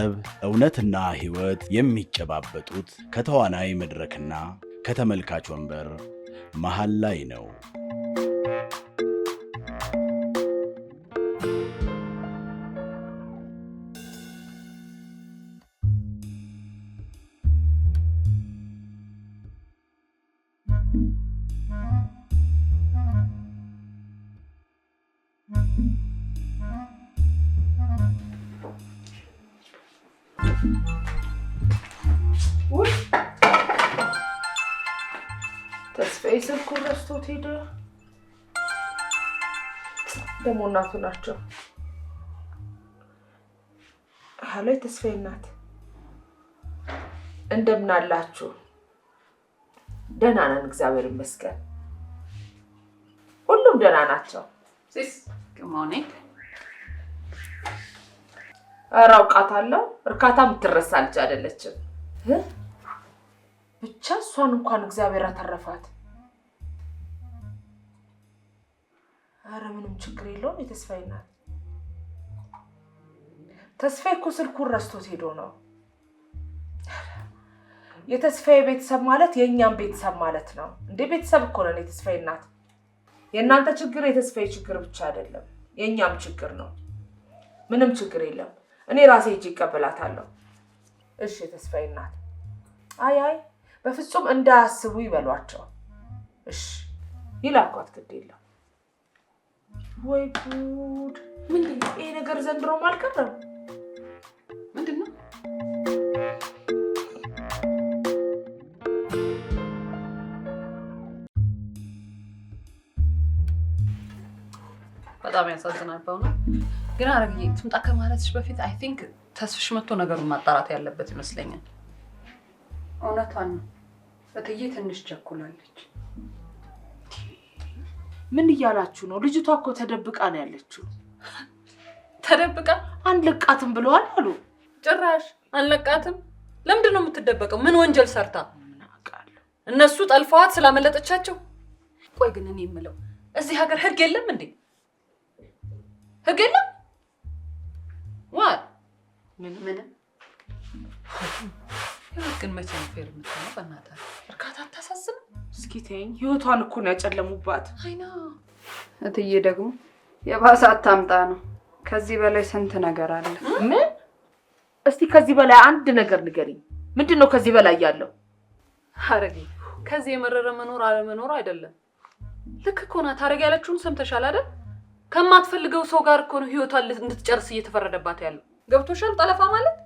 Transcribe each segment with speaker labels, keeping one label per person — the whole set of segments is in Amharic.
Speaker 1: ጠብ፣ እውነትና ሕይወት የሚጨባበጡት ከተዋናይ መድረክና ከተመልካች ወንበር መሃል ላይ ነው።
Speaker 2: ስልኩን ረስቶት ሄደ። ደግሞ እናቱ ናቸው ሀሎ የተስፋዬ እናት እንደምን አላችሁ? ደህና ነን እግዚአብሔር ይመስገን። ሁሉም ደህና ናቸው። ኧረ አውቃታለሁ። እርካታ የምትረሳ ልጅ አይደለችም። ብቻ እሷን እንኳን እግዚአብሔር አተረፋት። አረ ምንም ችግር የለውም። የተስፋዬ ናት። ተስፋዬ እኮ ስልኩን ረስቶት ሄዶ ነው። የተስፋዬ ቤተሰብ ማለት የእኛም ቤተሰብ ማለት ነው እንዴ? ቤተሰብ እኮ ነን። የተስፋዬ የእናንተ ችግር የተስፋዬ ችግር ብቻ አይደለም፣ የእኛም ችግር ነው። ምንም ችግር የለም። እኔ ራሴ ሂጅ ይቀበላታለሁ። እሺ የተስፋዬ ናት። አይ አይ፣ በፍጹም እንዳያስቡ ይበሏቸው። እሺ ይላኳት፣ ግድ የለም ወይ ጉድ! ምንድን ነው ይሄ ነገር? ዘንድሮ አልቀረም። ምንድን ነው?
Speaker 3: በጣም ያሳዝናል በእውነት ግን አረግዬ ትምጣ ከማለትሽ በፊት አይ ቲንክ ተስፍሽ መጥቶ ነገሩን ማጣራት ያለበት ይመስለኛል።
Speaker 2: እውነቷን ነው። እትዬ ትንሽ ቸኩላለች። ምን እያላችሁ ነው? ልጅቷ እኮ ተደብቃ ነው ያለችው።
Speaker 3: ተደብቃ አንለቃትም ብለዋል አሉ።
Speaker 2: ጭራሽ አንለቃትም። ለምንድን ነው የምትደበቀው? ምን ወንጀል ሰርታ? እነሱ ጠልፈዋት ስላመለጠቻቸው። ቆይ ግን እኔ የምለው እዚህ ሀገር ህግ የለም እንዴ? ህግ የለም ዋ
Speaker 3: ምን ምንም ህግን መቼ ፌር የምትሆነው? በእናትህ
Speaker 2: እርካታ እስኪተኝ ህይወቷን እኮ ነው ያጨለሙባት። እትዬ ደግሞ የባሰ አታምጣ ነው። ከዚህ በላይ ስንት ነገር አለ። ምን? እስቲ ከዚህ በላይ አንድ ነገር ንገሪኝ። ምንድን ነው ከዚህ በላይ ያለው?
Speaker 3: ሐረጌ ከዚህ የመረረ መኖር አለመኖር አይደለም። ልክ እኮ ናት። ሐረጌ ያለችውን ሰምተሻል አይደል? ከማትፈልገው ሰው ጋር እኮ ነው ህይወቷን እንድትጨርስ እየተፈረደባት ያለው። ገብቶሻል? ጠለፋ ማለት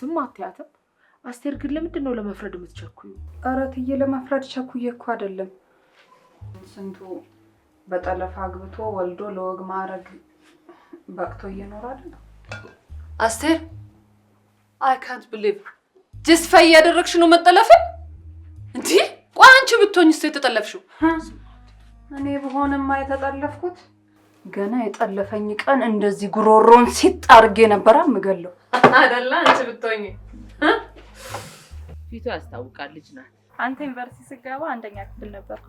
Speaker 2: ስም አትያትም አስቴር ግን ለምንድን ነው ለመፍረድ የምትቸኩዩ? ኧረ ትዬ ለመፍረድ ቸኩዬ እኮ አይደለም። ስንቱ በጠለፋ አግብቶ ወልዶ ለወግ ማዕረግ በቅቶ እየኖረ አይደል?
Speaker 3: አስቴር አይ ካንት ብሊቭ ጀስፋ እያደረግሽ ነው መጠለፍ እንዲህ ቆይ አንቺ ብትሆኝ ስ የተጠለፍሽው
Speaker 2: እኔ ብሆንማ የተጠለፍኩት ገና የጠለፈኝ ቀን እንደዚህ ጉሮሮን ሲጥ አድርጌ ነበራ ምገለው
Speaker 3: አደላ አንቺ ብትሆኝ ፊቱ ያስታውቃል። ልጅ ናት።
Speaker 2: አንተ ዩኒቨርሲቲ ስገባ አንደኛ ክፍል ነበርኩ።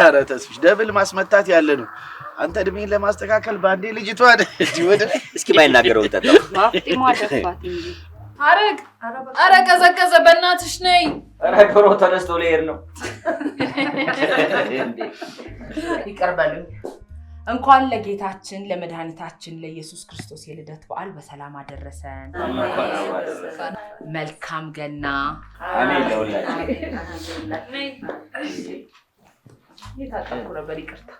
Speaker 1: ኧረ ተስፍሽ ደብል ማስመታት ያለ ነው። አንተ እድሜን ለማስተካከል በአንዴ ልጅቷ ወደ እስኪ ባይናገረው
Speaker 2: አረግ አረ ቀዘቀዘ፣ በእናትሽ ነይ።
Speaker 1: አረ ዶሮ ተነስቶ ሊሄድ ነው።
Speaker 2: ይቀርባል እንኳን ለጌታችን ለመድኃኒታችን ለኢየሱስ ክርስቶስ የልደት በዓል በሰላም አደረሰን።
Speaker 3: መልካም ገና።
Speaker 2: የታጠብኩ ነበር፣ ይቅርታ።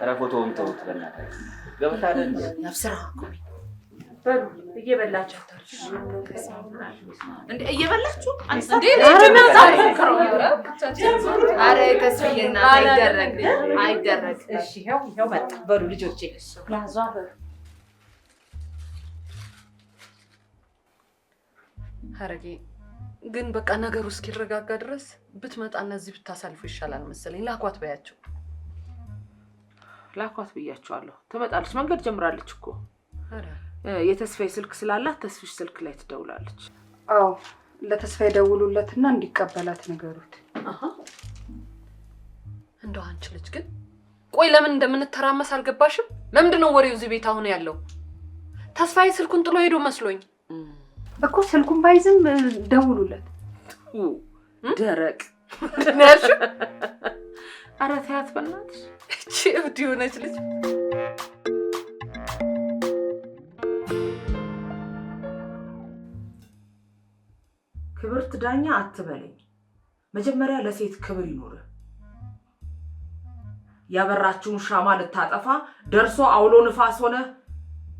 Speaker 1: ኧረ ፎቶውን ተውት ገብታ ገብታ
Speaker 3: ቆይ
Speaker 2: እየበላችሁ
Speaker 3: እየበላችሁ ኧረ በሉ ልጆቼ ሀረጌ ግን በቃ ነገሩ እስኪረጋጋ ድረስ ብትመጣና እዚህ ብታሳልፉ ይሻላል መሰለኝ። ላኳት በያቸው፣
Speaker 2: ላኳት ብያቸዋለሁ። ትመጣለች፣ መንገድ ጀምራለች እኮ የተስፋዬ ስልክ ስላላት ተስፊሽ ስልክ ላይ ትደውላለች። አዎ ለተስፋዬ ደውሉለትና እንዲቀበላት ነገሩት።
Speaker 3: እንደው አንቺ ልጅ ግን ቆይ ለምን እንደምንተራመስ አልገባሽም? ለምንድን ነው ወሬው እዚህ ቤት አሁን ያለው? ተስፋዬ ስልኩን ጥሎ ሄዶ መስሎኝ
Speaker 2: እኮ ስልኩን ባይዝም ደውሉለት።
Speaker 3: ደረቅ ነሽ።
Speaker 2: ኧረ ተያት በእናትሽ
Speaker 3: እቺ እብድ የሆነች ልጅ
Speaker 2: ክብርት ዳኛ አትበለኝ። መጀመሪያ ለሴት ክብር ይኖር ያበራችውን ሻማ ልታጠፋ ደርሶ አውሎ ንፋስ ሆነ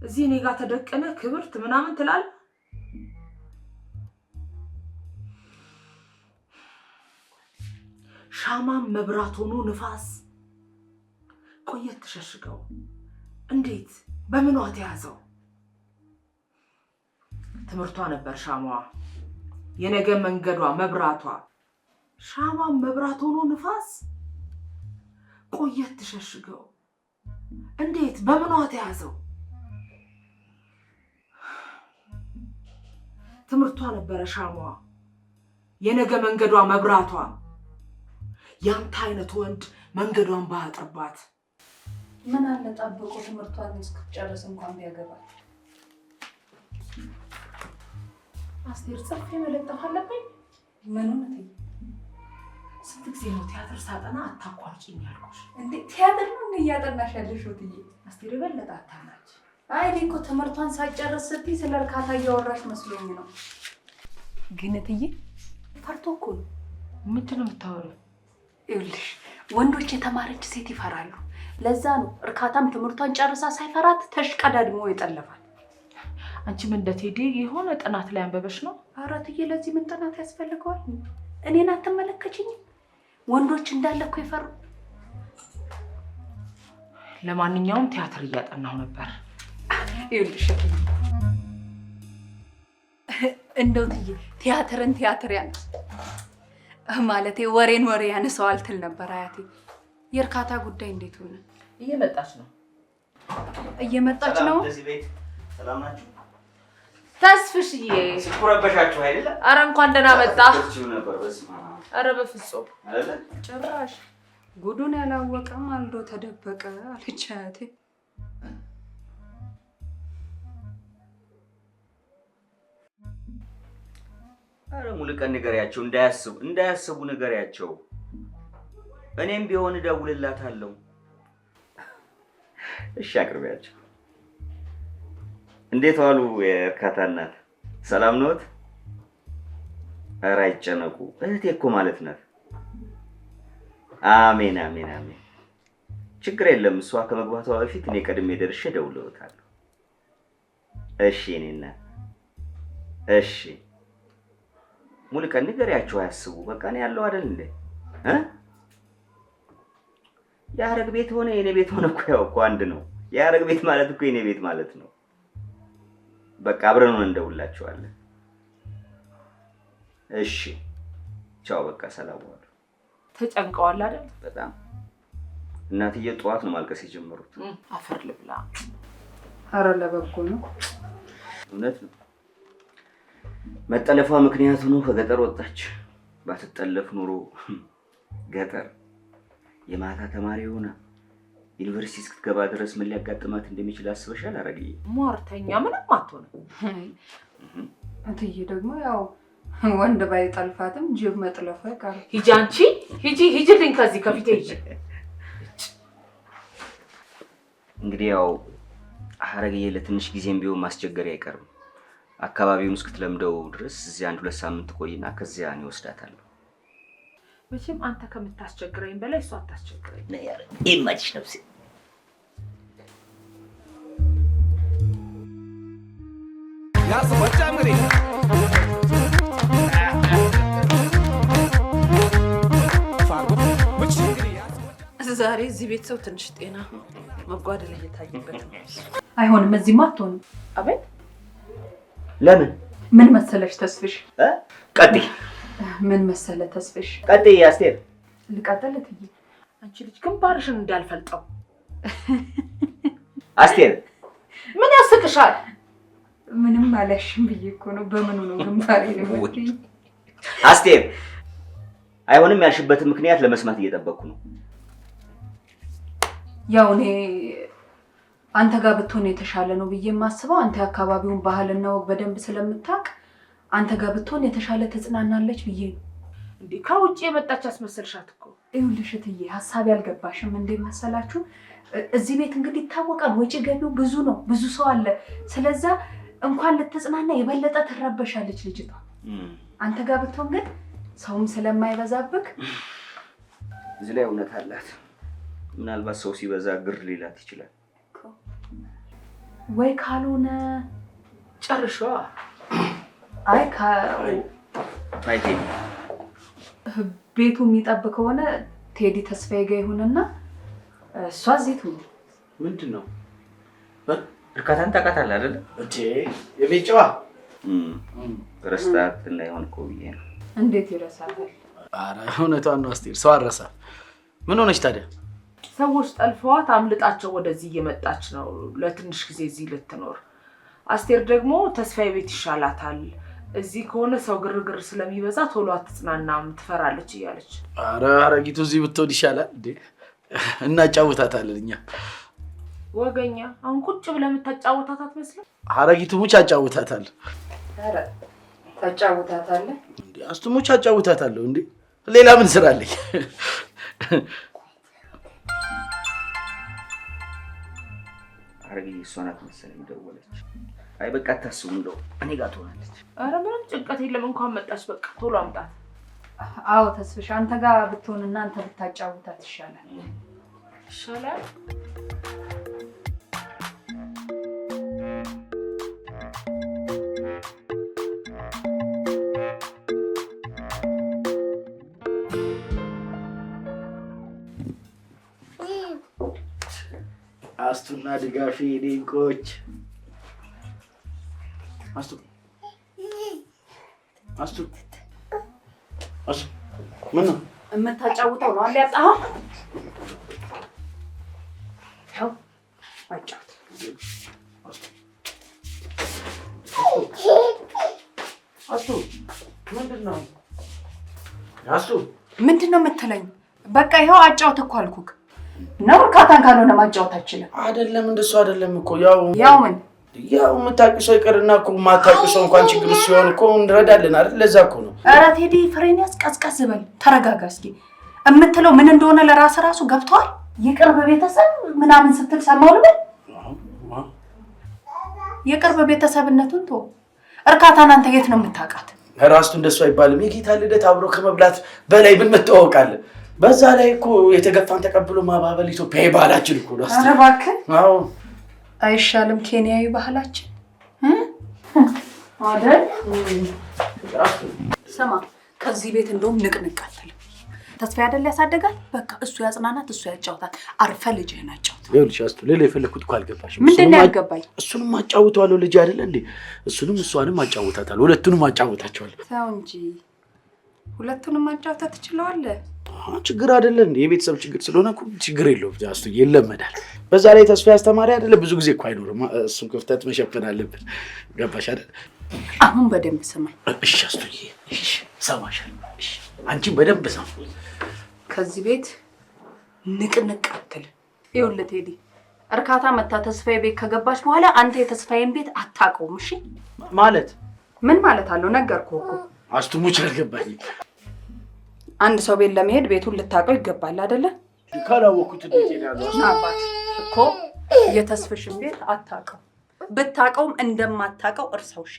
Speaker 2: እዚህ እኔ ጋር ተደቀነ ክብርት ምናምን ትላል። ሻማም መብራት ሆኖ ንፋስ ቆየት ተሸሽገው እንዴት በምኗ ተያዘው? ትምህርቷ ነበር ሻማዋ። የነገ መንገዷ መብራቷ ሻማ መብራት ሆኖ ንፋስ ቆየት ትሸሽገው እንዴት በምኗ ተያዘው? ትምህርቷ ነበረ ሻማዋ የነገ መንገዷ መብራቷ። ያንተ አይነት ወንድ መንገዷን ባያጥርባት ምን አለ ጠብቆ ትምህርቷን እስክትጨርስ እንኳን ቢያገባት አስቴር ጽፌ መለጠፍ አለብኝ? ምን ሆነ? ስንት ጊዜ ነው ቲያትር ሳጠና አታቋርጪኝ ያልኩሽ? እንዴ ቲያትር ነው እያጠናሽ ያለሽው? ትዬ አስቴር የበለጠ አታናች። አይ እኔ እኮ ትምህርቷን ሳጨርስ ስትይ ስለ እርካታ እያወራሽ መስሎኝ ነው። ግን እትዬ ፈርቶ እኮ ነው። ምንድን ነው የምታወሪው? ይኸውልሽ ወንዶች የተማረች ሴት ይፈራሉ። ለዛ ነው እርካታም ትምህርቷን ጨርሳ ሳይፈራት ተሽቀዳድሞ የጠለፋል። አንቺም እንደ ቴዲ የሆነ ጥናት ላይ አንበበሽ ነው። አራትዬ ለዚህ ምን ጥናት ያስፈልገዋል? እኔን አትመለከችኝም? ወንዶች እንዳለኩ የፈሩ። ለማንኛውም ቲያትር እያጠናሁ ነበር። ይኸውልሽ እንደው ትዬ ቲያትርን ቲያትር ያነስ ማለቴ ወሬን ወሬ ያነሰዋል ትል ነበር አያቴ። የእርካታ ጉዳይ እንዴት ሆነ? እየመጣች ነው፣ እየመጣች ነው። ሰላም ናችሁ? ተስፍሽዬ
Speaker 1: ስትኮረበሻችሁ አይደለ?
Speaker 2: አረ እንኳን ደህና መጣ። አረ በፍጹም ጭራሽ ጉዱን ያላወቀም አልዶ ተደበቀ አለች አያቴ።
Speaker 1: አረ ሙሉቀን ንገሪያቸው፣ እንዳያስቡ እንዳያስቡ ንገሪያቸው። እኔም ቢሆን እደውልላታለሁ። እሺ አቅርቢያቸው እንዴት ዋሉ? የእርካታ እናት ሰላም ነት ኧረ አይጨነቁ፣ እህቴ እኮ ማለት ናት። አሜን አሜን አሜን። ችግር የለም። እሷ ከመግባቷ በፊት እኔ ቀድሜ ደርሼ ደውለውታለሁ። እሺ እኔ እናት እሺ። ሙሉ ቀን ንገሪያቸው፣ አያስቡ። በቃ እኔ ያለው አይደል እንዴ የአረግ ቤት ሆነ የኔ ቤት ሆነ እኮ ያው እኮ አንድ ነው። የአረግ ቤት ማለት እኮ የኔ ቤት ማለት ነው። በቃ አብረን እንደውላችኋለን። እሺ ቻው፣ በቃ ሰላም ዋሉ።
Speaker 2: ተጨንቀዋል አይደል? በጣም
Speaker 1: እናትዬ ጠዋት ነው ማልቀስ የጀመሩት።
Speaker 2: አፈር ልብላ። አረ ለበጎ ነው፣ እውነት ነው።
Speaker 1: መጠለፏ ምክንያት ሆኖ ከገጠር ወጣች። ባትጠለፍ ኑሮ ገጠር የማታ ተማሪ ሆና ዩኒቨርሲቲ እስክትገባ ድረስ ምን ሊያጋጥማት እንደሚችል አስበሻል? አረግ
Speaker 2: ሟርተኛ ምንም አትሆንም። እትዬ ደግሞ ያው ወንድ ባይጠልፋትም ጅብ መጥለፉ አይቀርም። ሂጂ አንቺ ሂጂ ሂጂልኝ፣ ከዚህ ከፊቴ ሂጂ።
Speaker 1: እንግዲህ ያው አረግዬ ለትንሽ ጊዜም ቢሆን ማስቸገሪያ አይቀርም። አካባቢውን እስክትለምደው ድረስ እዚህ አንድ ሁለት ሳምንት ቆይና ከዚያ እኔ ወስዳታለሁ።
Speaker 2: መቼም አንተ ከምታስቸግረኝ በላይ እሷ አታስቸግረኝ።
Speaker 1: ይመችሽ ነፍሴ።
Speaker 3: ዛሬ እዚህ ቤት ሰው ትንሽ ጤና መጓደል እየታየበት ነው።
Speaker 2: አይሆንም፣ እዚህማ አትሆንም።
Speaker 1: አቤት፣ ለምን?
Speaker 2: ምን መሰለሽ ተስፍሽ ቀጥይ ምን መሰለ ተስፍሽ።
Speaker 1: ቀጥይ አስቴር።
Speaker 2: ልቀጥል እትዬ? አንቺ ልጅ ግንባርሽን እንዳልፈልጠው።
Speaker 1: አስቴር
Speaker 2: ምን ያስቅሻል? ምንም አላሽም ብዬ እኮ ነው። በምኑ ነው ግንባሬ ነው?
Speaker 1: አስቴር አይሆንም ያልሽበትን ምክንያት ለመስማት እየጠበቅኩ ነው።
Speaker 2: ያው እኔ አንተ ጋር ብትሆን የተሻለ ነው ብዬ የማስበው አንተ የአካባቢውን ባህልና ወግ በደንብ ስለምታውቅ አንተ ጋር ብትሆን የተሻለ ተጽናናለች ብዬ ነው። እንዴ ከውጭ የመጣች አስመሰልሻት እኮ። ይኸውልሽ እትዬ ሀሳብ ያልገባሽም እንዴ መሰላችሁ፣ እዚህ ቤት እንግዲህ ይታወቃል፣ ወጪ ገቢው ብዙ ነው፣ ብዙ ሰው አለ። ስለዛ እንኳን ልትጽናና የበለጠ ትረበሻለች ልጅቷ። አንተ ጋር ብትሆን ግን ሰውም ስለማይበዛብክ
Speaker 1: እዚህ ላይ እውነት አላት። ምናልባት ሰው ሲበዛ ግር ሊላት ይችላል
Speaker 2: ወይ ካልሆነ ጨርሻ አይ ቤቱ የሚጠብ ከሆነ ቴዲ ተስፋዬ ጋ ይሁንና እሷ እዚህ ትሁን።
Speaker 1: ምንድን ነው እርካታን ታውቃታለህ አይደለ? የቤት ጨዋ ረስታት ላይሆን እኮ ብዬ ነው።
Speaker 2: እንዴት ይረሳታል?
Speaker 1: ኧረ እውነቷን ነው አስቴር፣ ሰው አረሳት። ምን ሆነች ታዲያ?
Speaker 2: ሰዎች ጠልፈዋት አምልጣቸው ወደዚህ እየመጣች ነው ለትንሽ ጊዜ እዚህ ልትኖር። አስቴር ደግሞ ተስፋዬ ቤት ይሻላታል እዚህ ከሆነ ሰው ግርግር ስለሚበዛ ቶሎ አትጽናናም፣ ትፈራለች እያለች
Speaker 1: ኧረ አረጊቱ እዚህ ብትሆን ይሻላል እንዴ። እናጫውታታለን እኛ
Speaker 2: ወገኛ። አሁን ቁጭ ብለህ የምታጫውታት አትመስልም።
Speaker 1: አረጊቱ ሙች አጫወታታል።
Speaker 2: ታጫውታታለህ?
Speaker 1: አስቱ ሙች አጫወታታለሁ። እንዴ ሌላ ምን ስራ አለኝ? አረጊ እሷ ናት መሰለኝ ደወለች አይ በቃ አታስቡ፣ እንደው እኔ ጋር ትሆናለች።
Speaker 2: ኧረ ምንም ጭንቀት የለም፣ እንኳን መጣች። በቃ ቶሎ አምጣት። አዎ ተስፍሽ፣ አንተ ጋር ብትሆንና አንተ ብታጫውታት ይሻላል። ይሻላል
Speaker 1: አስቱና ድጋፊ ዲንቆች አስቱ አስቱ አስቱ ምን ነው
Speaker 2: የምታጫውተው? ነው አለ ያው አጫውት
Speaker 1: አስቱ ምንድን ነው አስቱ
Speaker 2: ምንድን ነው የምትለኝ? በቃ ይኸው አጫውት እኮ አልኩህ ነው። እርካታን ካልሆነ ማጫወት አችልም።
Speaker 1: አይደለም እንደሱ አይደለም እኮ ያው ያው ምን ያው የምታውቂው ሰው ይቅርና እኮ የማታውቂው ሰው እንኳን ችግር ሲሆን እኮ እንረዳለን አይደል? ለዛ እኮ ነው።
Speaker 2: ኧረ ቴዲ ፍሬን ያስቀዝቀዝ በል፣ ተረጋጋ እስኪ። የምትለው ምን እንደሆነ ለራስ ራሱ ገብቷል? የቅርብ ቤተሰብ ምናምን ስትል ሰማሁ ልበል። የቅርብ ቤተሰብነቱን ቶ እርካታን አንተ የት ነው የምታውቃት?
Speaker 1: ራሱ እንደሱ አይባልም። የጌታ ልደት አብሮ ከመብላት በላይ ምን መተዋወቃለን? በዛ ላይ እኮ የተገፋን ተቀብሎ ማባበል ኢትዮጵያ ባህላችን እኮ ነው።
Speaker 2: እባክህ አይሻልም? ኬንያዊ ባህላችን አይደል? ስማ ከዚህ ቤት እንደውም ንቅንቅ አትልም። ተስፋ አይደል ያሳደጋል። በቃ እሱ ያጽናናት፣ እሱ ያጫውታል። አርፈ ልጅህን ናጫውታል።
Speaker 1: ልጅ አስቱ ሌላ የፈለግኩት እኮ አልገባሽም።
Speaker 2: ምንድን ነው ያልገባኝ?
Speaker 1: እሱንም አጫውተዋለሁ። ልጅ አይደለ እንዴ? እሱንም እሷንም አጫውታታል። ሁለቱንም አጫውታቸዋለሁ።
Speaker 2: ሰው እንጂ ሁለቱንም አጫውተህ ትችለዋለህ።
Speaker 1: ችግር አይደለም፣ እንደ የቤተሰብ ችግር ስለሆነ ችግር የለውም። ጃስቱ ይለመዳል። በዛ ላይ ተስፋ ያስተማሪ አይደለም፣ ብዙ ጊዜ እኮ አይኖርም። እሱን ክፍተት መሸፈን አለብን። ገባሽ አይደል?
Speaker 2: አሁን በደንብ ስማኝ
Speaker 1: እሺ። አስቱዬ እሺ፣ እሰማሻለሁ። እሺ፣ አንቺን በደንብ ሰማ።
Speaker 2: ከዚህ ቤት ንቅንቅ አትል። ይኸውልህ ቴዲ፣ እርካታ መታ ተስፋዬ ቤት ከገባች በኋላ አንተ የተስፋዬን ቤት አታውቀውም። እሺ ማለት ምን ማለት አለው? ነገርኩህ እኮ
Speaker 1: አስቱ፣ ሙች አልገባኝም
Speaker 2: አንድ ሰው ቤት ለመሄድ ቤቱን ልታውቀው ይገባል አይደለ?
Speaker 1: ካላወኩት ቤት ሄዳለሁ
Speaker 2: አባት እኮ የተስፍሽን ቤት አታውቀው ብታውቀውም እንደማታውቀው እርሳው። እሺ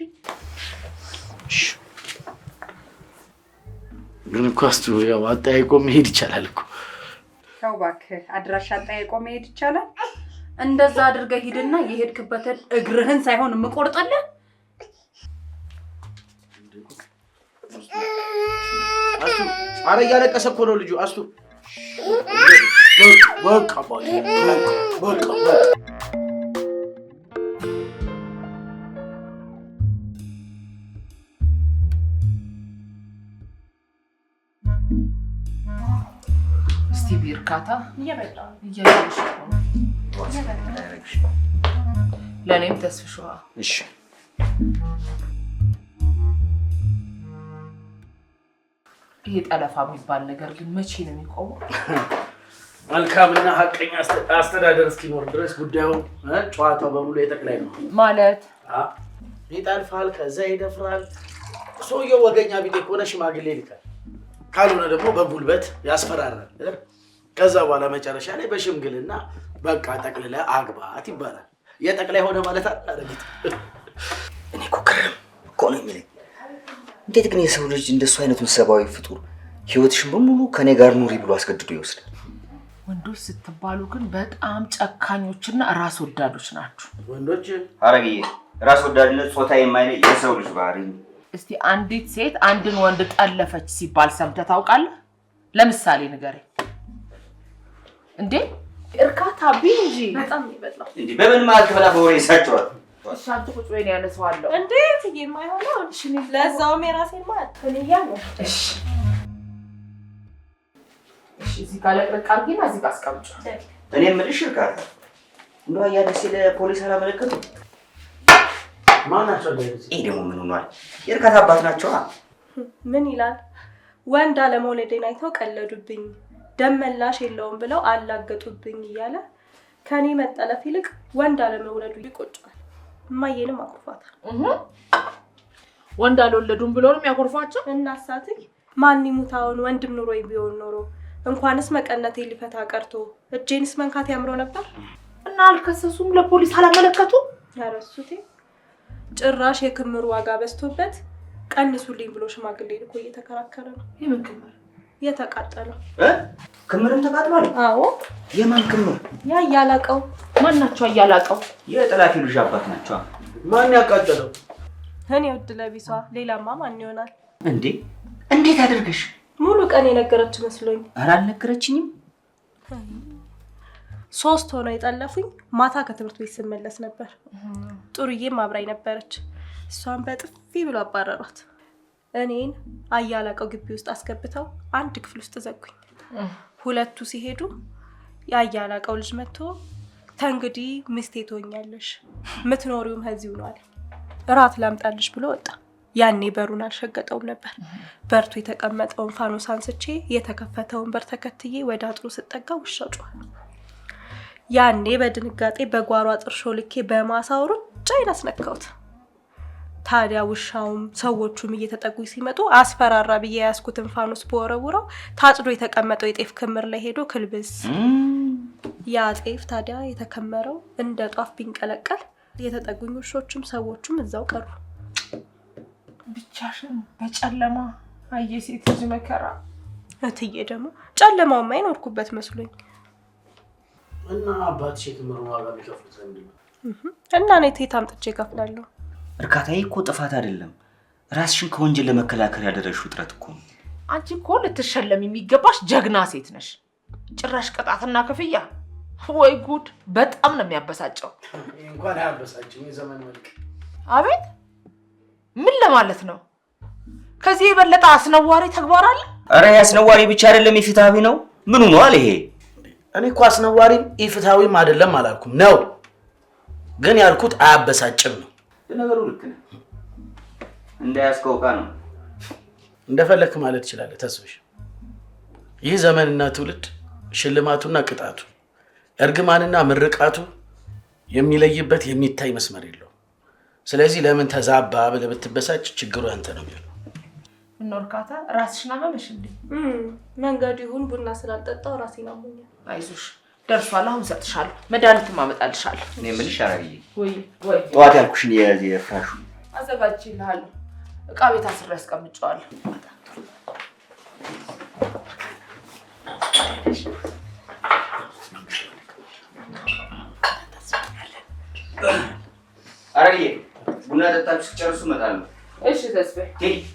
Speaker 1: ግን እኮ አስቱ ያው አጠያይቆ መሄድ ይቻላል እኮ
Speaker 2: ያው እባክህ አድራሻ አጠያይቆ መሄድ ይቻላል። እንደዛ አድርገህ ሂድና የሄድክበትን እግርህን ሳይሆን የምቆርጥልህ
Speaker 1: አረ እያለቀሰ እኮ ነው ልጁ። አስቱ በቃ በቃ
Speaker 2: እስቲ ቢርካታ ለእኔም ተስፍሸዋ ይሄ ጠለፋ የሚባል ነገር ግን መቼ ነው የሚቆመው?
Speaker 1: መልካምና ሀቀኛ አስተዳደር እስኪኖር ድረስ ጉዳዩ ጨዋታው በሙሉ የጠቅላይ ነው ማለት ይጠልፋል፣ ከዛ ይደፍራል። ሰውየው ወገኛ ቢጤ ከሆነ ሽማግሌ ይልካል፣ ካልሆነ ደግሞ በጉልበት ያስፈራራል። ከዛ በኋላ መጨረሻ ላይ በሽምግልና በቃ ጠቅልላ አግባት ይባላል። የጠቅላይ ሆነ ማለት አረግት እኔ ኮክርም ኮነ የሚለኝ እንዴት ግን የሰው ልጅ እንደሱ አይነቱን ሰብአዊ ፍጡር ህይወትሽን በሙሉ ከኔ ጋር ኑሪ ብሎ አስገድዶ ይወስዳል?
Speaker 2: ወንዶች ስትባሉ ግን በጣም ጨካኞችና ራስ ወዳዶች ናችሁ።
Speaker 1: ወንዶች አረግዬ፣ ራስ ወዳድነት ጾታ የማይለይ የሰው ልጅ ባህሪ።
Speaker 2: እስቲ አንዲት ሴት አንድን ወንድ ጠለፈች ሲባል ሰምተህ ታውቃለህ? ለምሳሌ ንገረኝ። እንዴ እርካታ ቢንጂ በጣም
Speaker 1: ይበላል በምን መሀል በወሬ ይሳቸዋል
Speaker 2: ተዘጋጅቷል። እሺ አንቺ ቁጭ በይ፣ ያነሳዋለሁ። እንዴት የማይሆነው እሺ፣ ለዛውም የራሴን ማለት እሺ፣ እሺ፣ እዚህ ጋር አድርጊና እዚህ ጋር አስቀምጪ።
Speaker 1: እኔ የምልሽ እንደው አላመለከቱም? ደግሞ ምን ሆኗል? የእርካታ አባት ናቸዋ።
Speaker 2: ምን ይላል ወንድ አለመውለዴን አይተው ቀለዱብኝ፣ ደመላሽ የለውም ብለው አላገጡብኝ እያለ ከኔ መጠለፍ ይልቅ ወንድ አለመውለዱ ይቆጫል። እማዬንም አኩርፏታል። ወንድ አልወለዱም ብሎ ነው የሚያኮርፏቸው። እናሳትኝ ማን ይሙታውን ወንድም ኑሮ ቢሆን ኖሮ እንኳንስ መቀነቴ ሊፈታ ቀርቶ እጄንስ መንካት ያምሮ ነበር። እና አልከሰሱም፣ ለፖሊስ አላመለከቱ። ያረሱት ጭራሽ የክምሩ ዋጋ በዝቶበት ቀንሱልኝ ብሎ ሽማግሌ ልኮ እየተከራከረ ነው። ይህ ክምር የተቃጠለው
Speaker 1: ክምርም ተቃጥሏል? አዎ። የማን ክምር?
Speaker 2: ያ እያላቀው ማን ናቸው? እያላቀው
Speaker 1: የጥላፊ ልጅ አባት ናቸው። ማን ያቃጠለው?
Speaker 2: እኔ ውድ ለቢሷ። ሌላማ ማን ይሆናል
Speaker 1: እንዴ? እንዴት አድርገሽ?
Speaker 2: ሙሉ ቀን የነገረች መስሎኝ።
Speaker 1: ኧረ አልነገረችኝም።
Speaker 2: ሶስት ሆነው የጠለፉኝ ማታ ከትምህርት ቤት ስመለስ ነበር። ጥሩዬም አብራኝ ነበረች። እሷን በጥፊ ብሎ አባረሯት። እኔን አያላቀው ግቢ ውስጥ አስገብተው አንድ ክፍል ውስጥ ዘጉኝ። ሁለቱ ሲሄዱ የአያላቀው ልጅ መጥቶ ተንግዲህ ሚስቴ ትሆኛለሽ፣ ምትኖሪውም ከዚሁ ነው አለ። እራት ላምጣልሽ ብሎ ወጣ። ያኔ በሩን አልሸገጠውም ነበር። በርቱ የተቀመጠውን ፋኖስ አንስቼ የተከፈተውን በር ተከትዬ ወደ አጥሩ ስጠጋ ውሻ ጮኸ። ያኔ በድንጋጤ በጓሮ አጥርሾ ልኬ በማሳው ሩጫ አስነካውት። ታዲያ ውሻውም ሰዎቹም እየተጠጉ ሲመጡ አስፈራራ ብዬ የያዝኩትን ፋኖስ በወረውረው ታጭዶ የተቀመጠው የጤፍ ክምር ላይ ሄዶ ክልብስ። ያ ጤፍ ታዲያ የተከመረው እንደ ጧፍ ቢንቀለቀል የተጠጉኝ ውሾችም ሰዎቹም እዛው ቀሩ። ብቻሽን በጨለማ አየ ሴት ልጅ መከራ። እትዬ ደግሞ ጨለማው አይኖርኩበት መስሎኝ
Speaker 1: እና አባትሽ ክምር ዋጋ ሚከፍሉት
Speaker 2: እና እኔ ቴት አምጥቼ እከፍላለሁ
Speaker 1: እርካታዬ እኮ ጥፋት አይደለም። ራስሽን ከወንጀል ለመከላከል ያደረግሽው ጥረት እኮ
Speaker 2: አንቺ እኮ ልትሸለም የሚገባሽ ጀግና ሴት ነሽ። ጭራሽ ቅጣትና ክፍያ! ወይ ጉድ! በጣም ነው የሚያበሳጨው።
Speaker 1: እንኳን አያበሳጭም፣ የዘመን መልክ።
Speaker 2: አቤት! ምን ለማለት ነው? ከዚህ የበለጠ አስነዋሪ ተግባር አለ?
Speaker 1: እረ አስነዋሪ ብቻ አይደለም የፍትሐዊ ነው። ምኑ ነዋል ይሄ። እኔ እኮ አስነዋሪም ኢፍትሐዊም አይደለም አላልኩም። ነው ግን ያልኩት አያበሳጭም ነው ለነገሩ ልክ ነህ። እንዳያስከው ዕቃ ነው። እንደፈለክ ማለት ይችላል። ተስብሽ። ይህ ዘመንና ትውልድ ሽልማቱና ቅጣቱ እርግማንና ምርቃቱ የሚለይበት የሚታይ መስመር የለው። ስለዚህ ለምን ተዛባ ብለህ ብትበሳጭ ችግሩ ያንተ ነው የሚሆነው።
Speaker 2: ምነው እርካታ ራስሽን አመመሽ እንዴ? መንገድ ይሁን ቡና ስላልጠጣው ራሴን አሞኛል። አይዞሽ ደርሷል። አሁን እሰጥሻለሁ፣ መድኃኒትም አመጣልሻለሁ።
Speaker 1: እኔ የምልሽ አረብዬ፣ ወይ ወይ ጠዋት ያልኩሽን የፍራሹ
Speaker 2: አዘጋጅልሃለሁ። እቃ ቤት አስሬ ያስቀምጨዋል
Speaker 1: አረብዬ፣ ቡና ጠጣችሁ ጨርሱ፣ እመጣለሁ።
Speaker 2: እሺ ተስፋዬ፣